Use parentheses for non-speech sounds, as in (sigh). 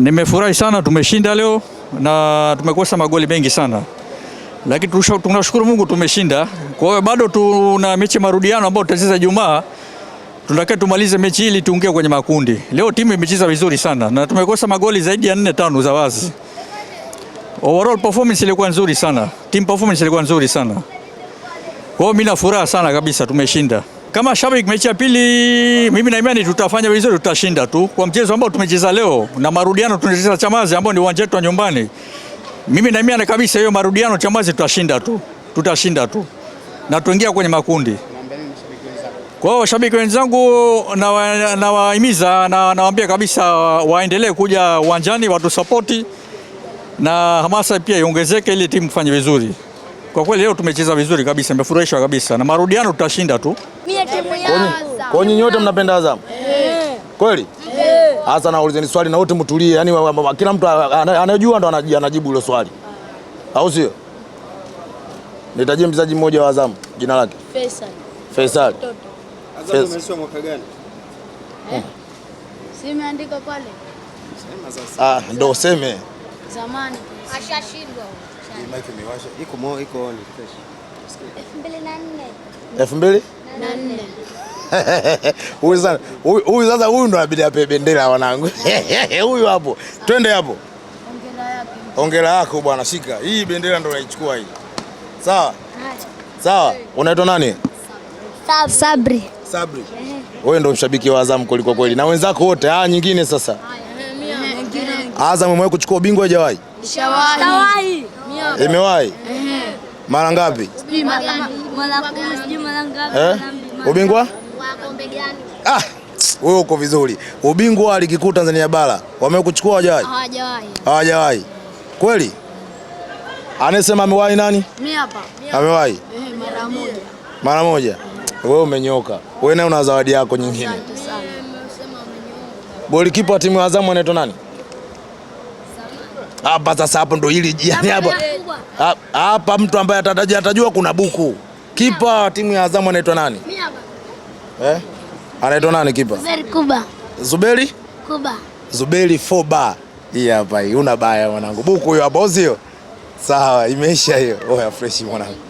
Nimefurahi sana tumeshinda leo na tumekosa magoli mengi sana, lakini tunashukuru Mungu tumeshinda. Kwa hiyo bado tuna mechi marudiano ambayo tutacheza Jumaa, tunataka tumalize mechi ili kwenye makundi. Leo timu imecheza vizuri sana na tumekosa magoli zaidi ya nne tano za wazi. Overall performance ilikuwa nzuri sana, team performance ilikuwa nzuri sana. Kwa hiyo mimi na furaha sana kabisa tumeshinda. Kama shabiki, mechi ya pili, mimi na imani tutafanya vizuri, tutashinda tu kwa mchezo ambao tumecheza leo na marudiano tunacheza Chamazi, ambao ni uwanja wetu wa nyumbani. Mimi na imani kabisa hiyo marudiano Chamazi tutashinda tu, tutashinda tu na tuingia kwenye makundi. Kwa hiyo shabiki wenzangu, nawahimiza na nawaambia na kabisa waendelee kuja uwanjani, watu support na hamasa pia iongezeke ili timu fanye vizuri. Kwa kweli leo tumecheza vizuri kabisa, nimefurahishwa kabisa na marudiano tutashinda tu. Kwa nyinyi wote mnapenda Azamu kweli? Sasa naulizeni swali na wote mtulie, yani kila mtu anajua ndo anajibu hilo swali, au sio? Nitajie mchezaji mmoja wa Azam, jina lake Faisal. Faisal. Azamu umesoma mwaka gani? Eh? Hmm. Si imeandikwa pale. Ah, ndo useme. Zamani. Ashashindwa. Iko iko on. 2004. 2004. Huyu sasa, huyu ndo abidi ape bendera wanangu. (laughs) Huyu hapo, twende hapo. Ongera yako bwana, shika hii bendera ndo naichukua hii. Sawa sawa. Unaitwa nani? Sabri. Sabri, wewe ndo mshabiki wa Azam kuliko kweli, na wenzako wote. Ah, nyingine sasa, Azam imewahi kuchukua ubingwa? Haijawahi? Imewahi mara ngapi? Ubingwa wa kombe gani? Ah, wewe uko vizuri. Ubingwa wa ligi kuu Tanzania bara wamekuchukua hawajawahi? Hawajawahi. Hawajawahi. Kweli? Anasema amewahi nani? Mimi hapa. Amewahi? Eh, mara moja. Mara moja. Wewe umenyoka. Wewe naye una zawadi yako nyingine. Asante sana. Golikipa wa timu ya Azamu anaitwa nani? Hapa sasa, hapo ndo hili jiani hapo. hapa mtu ambaye atajua kuna buku. Kipa wa timu ya Azamu anaitwa nani? Eh? Anaitwa nani kipa? Zuberi Kuba. Zuberi? Kuba. Zuberi Foba. Hii hapa hii una baya mwanangu. Buku huyo hapo sio? Sawa, imeisha hiyo. Oya fresh mwanangu.